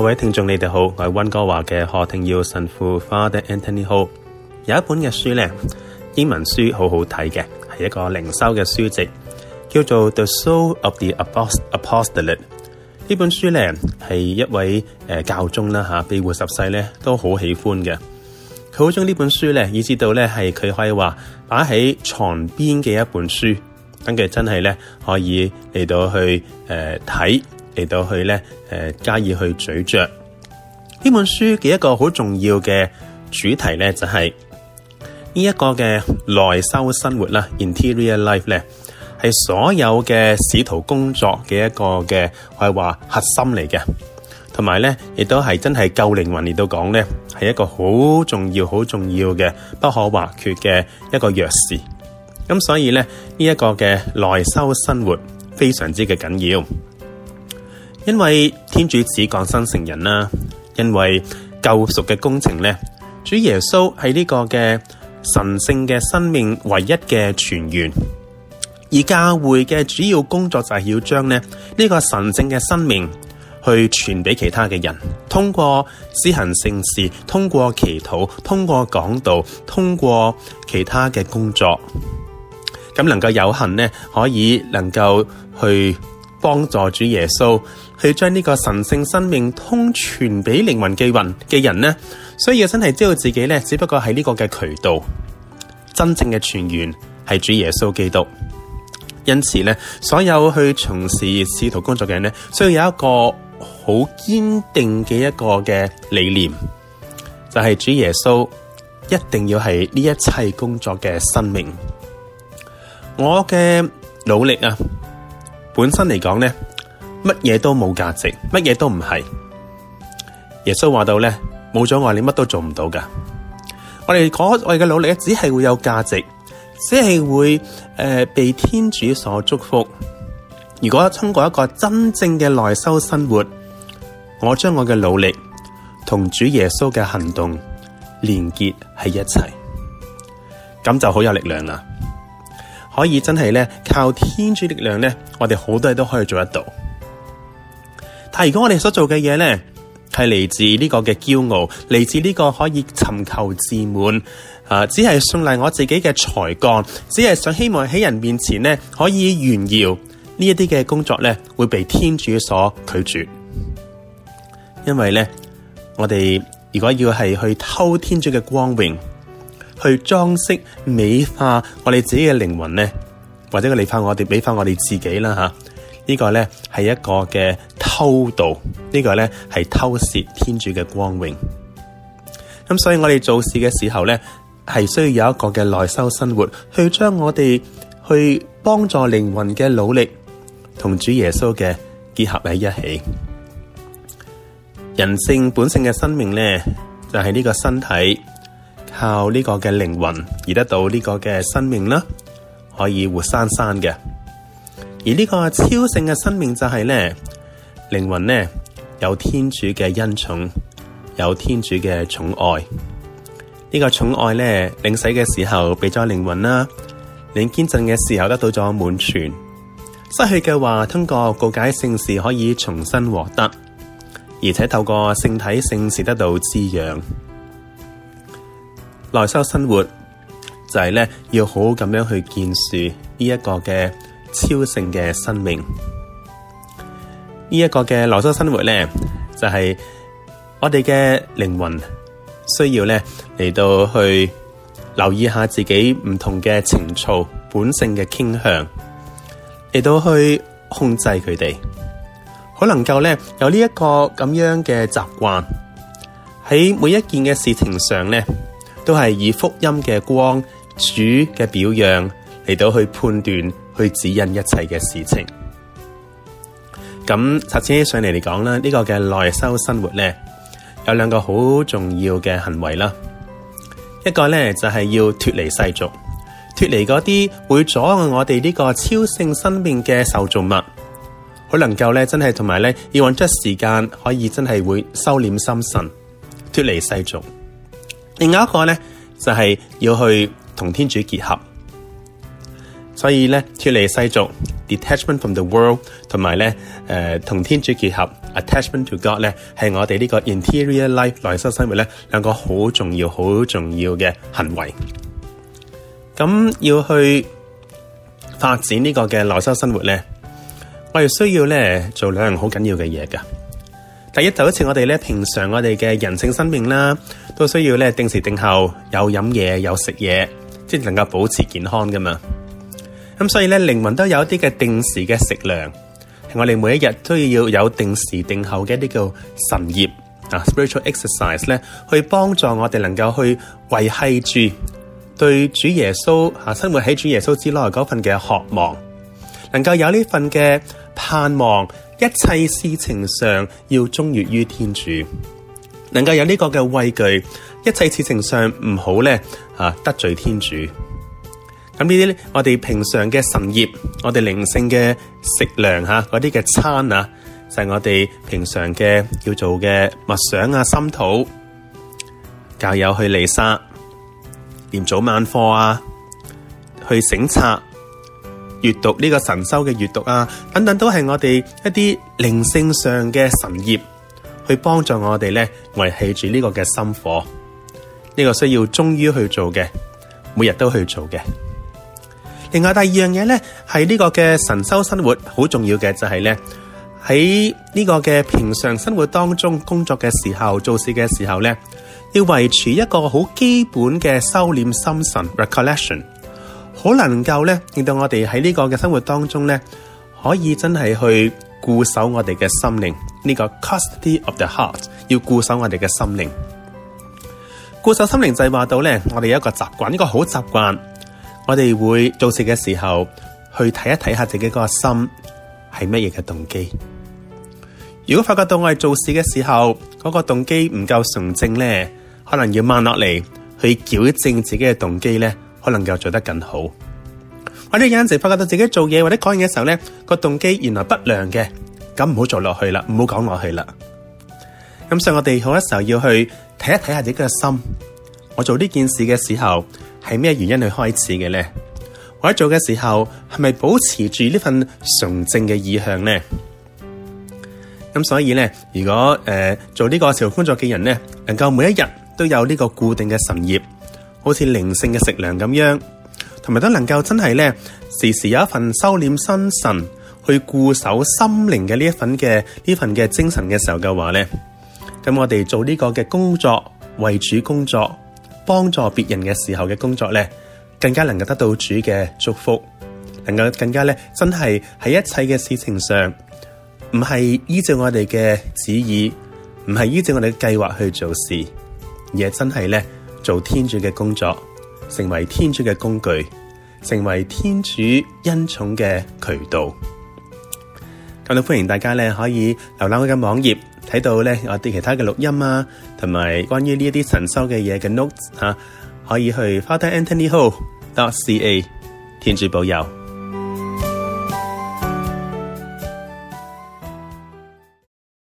各位聽眾，你哋好，我係溫哥華嘅何庭耀神父 Father Anthony Ho。有一本嘅書咧，英文書很好好睇嘅，係一個靈修嘅書籍，叫做《The Soul of the Apostolate》。呢本書咧係一位誒、呃、教宗啦吓，庇、啊、護十世咧都好喜歡嘅。佢好鍾意呢本書咧，以至到咧係佢可以話擺喺床邊嘅一本書，等佢真係咧可以嚟到去誒睇。呃看嚟到去咧，誒，加以去咀嚼呢本書嘅一個好重要嘅主題咧，就係呢一個嘅內修生活啦 （Interior Life） 咧，係所有嘅使徒工作嘅一個嘅係話核心嚟嘅，同埋咧亦都係真係救靈魂嚟到講咧，係一個好重要、好重要嘅不可或缺嘅一個鑰匙。咁所以咧，呢一個嘅內修生活非常之嘅緊要。因為天主子降生成人啦，因為救贖嘅工程呢，主耶穌係呢個嘅神聖嘅生命唯一嘅傳員，而教會嘅主要工作就係要將咧呢個神聖嘅生命去傳俾其他嘅人，通過施行聖事，通過祈禱，通過講道，通過其他嘅工作，咁能夠有幸呢，可以能夠去。幫助主耶穌去將呢個神聖生命通傳俾靈魂寄運嘅人呢，所以真係知道自己呢，只不過係呢個嘅渠道，真正嘅傳員係主耶穌基督。因此呢，所有去從事使徒工作嘅人呢，需要有一個好堅定嘅一個嘅理念，就係、是、主耶穌一定要係呢一切工作嘅生命。我嘅努力啊！本身嚟講咧，乜嘢都冇價值，乜嘢都唔係。耶穌話到咧，冇咗我你乜都做唔到噶。我哋嗰我哋嘅努力只係會有價值，只係會誒、呃、被天主所祝福。如果通過一個真正嘅內修生活，我將我嘅努力同主耶穌嘅行動連結喺一齊，咁就好有力量啦。可以真係咧靠天主力量咧，我哋好多嘢都可以做得到。但如果我哋所做嘅嘢咧係嚟自呢個嘅驕傲，嚟自呢個可以尋求自滿，啊，只係信賴我自己嘅才幹，只係想希望喺人面前咧可以炫耀，呢一啲嘅工作咧會被天主所拒絕，因為咧我哋如果要係去偷天主嘅光榮。去裝飾美化我哋自己嘅靈魂呢，或者你美化我哋，美化我哋自己啦吓，呢個呢係一個嘅偷盜，呢個呢係偷竊天主嘅光榮。咁所以我哋做事嘅時候呢，係需要有一個嘅內修生活，去將我哋去幫助靈魂嘅努力同主耶穌嘅結合喺一起。人性本性嘅生命呢，就係呢個身體。靠呢個嘅靈魂而得到呢個嘅生命啦，可以活生生嘅。而呢個超性嘅生命就係咧，靈魂咧有天主嘅恩寵，有天主嘅寵愛。呢、這個寵愛咧，領洗嘅時候俾咗靈魂啦，領堅振嘅時候得到咗滿全。失去嘅話，通過告解聖事可以重新獲得，而且透過聖體聖事得到滋養。內修生活就係咧，要好好咁樣去建樹呢一個嘅超性嘅生命。呢一個嘅內修生活咧，就係我哋嘅靈魂需要咧嚟到去留意下自己唔同嘅情操本性嘅傾向，嚟到去控制佢哋，可能夠咧有呢一個咁樣嘅習慣喺每一件嘅事情上咧。都係以福音嘅光、主嘅表樣嚟到去判斷、去指引一切嘅事情。咁拆錢起上嚟嚟講咧，呢、這個嘅內修生活呢，有兩個好重要嘅行為啦。一個呢，就係、是、要脫離世俗，脫離嗰啲會阻礙我哋呢個超性生命嘅受造物，好能夠呢，真係同埋呢，要揾出時間，可以真係會收斂心神，脫離世俗。另一個咧就係要去同天主結合，所以咧脫離世俗，detachment from the world，同埋咧誒同天主結合，attachment to God 咧係我哋呢個 interior life 內修生活咧兩個好重要、好重要嘅行為。咁要去發展呢個嘅內修生活咧，我哋需要咧做兩樣好緊要嘅嘢噶。第一就好似我哋咧，平常我哋嘅人性生命啦，都需要咧定時定候有飲嘢有食嘢，即係能夠保持健康噶嘛。咁、嗯、所以咧，靈魂都有一啲嘅定時嘅食糧，係我哋每一日都要有定時定候嘅一啲叫神業啊 （spiritual exercise） 咧，去幫助我哋能夠去維繫住對主耶穌啊生活喺主耶穌之內嗰份嘅渴望，能夠有呢份嘅盼望。一切事情上要忠於天主，能夠有呢個嘅畏懼，一切事情上唔好咧啊得罪天主。咁呢啲咧，我哋平常嘅神業，我哋靈性嘅食糧吓，嗰啲嘅餐啊，就係、是、我哋平常嘅叫做嘅默想啊、心禱。教友去彌撒、念早晚課啊、去省察。閱讀呢、這個神修嘅閱讀啊，等等都係我哋一啲靈性上嘅神業，去幫助我哋呢維繫住呢個嘅心火。呢、這個需要忠於去做嘅，每日都去做嘅。另外第二樣嘢呢係呢個嘅神修生活好重要嘅，就係、是、呢喺呢個嘅平常生活當中工作嘅時候、做事嘅時候呢，要維持一個好基本嘅收斂心神 recollection。好能夠咧，令到我哋喺呢個嘅生活當中咧，可以真係去固守我哋嘅心靈。呢個 custody of the heart 要固守我哋嘅心靈。固守心靈就係話到咧，我哋有一個習慣，一個好習慣，我哋會做事嘅時候去睇一睇下自己嗰個心係乜嘢嘅動機。如果發覺到我哋做事嘅時候嗰個動機唔夠純正咧，可能要慢落嚟去矯正自己嘅動機咧。可能夠做得更好，我哋有陣時發覺到自己做嘢或者講嘢嘅時候咧，個動機原來不良嘅，咁唔好做落去啦，唔好講落去啦。咁所以我哋好多時候要去睇一睇下自己嘅心，我做呢件事嘅時候係咩原因去開始嘅咧？或者做嘅時候係咪保持住呢份純正嘅意向咧？咁所以咧，如果、呃、做呢個朝工作嘅人咧，能夠每一日都有呢個固定嘅神業。好似靈性嘅食糧咁樣，同埋都能夠真係咧，時時有一份收斂心神，去固守心靈嘅呢一份嘅呢份嘅精神嘅時候嘅話咧，咁我哋做呢個嘅工作為主工作，幫助別人嘅時候嘅工作咧，更加能夠得到主嘅祝福，能夠更加咧真係喺一切嘅事情上，唔係依照我哋嘅旨意，唔係依照我哋嘅計劃去做事，而係真係咧。做天主嘅工作，成為天主嘅工具，成為天主恩寵嘅渠道。咁都歡迎大家咧，可以瀏覽我嘅網頁，睇到咧我啲其他嘅錄音啊，同埋關於呢一啲神修嘅嘢嘅 notes 吓、啊，可以去 Father Anthony Ho dot C A。天主保佑。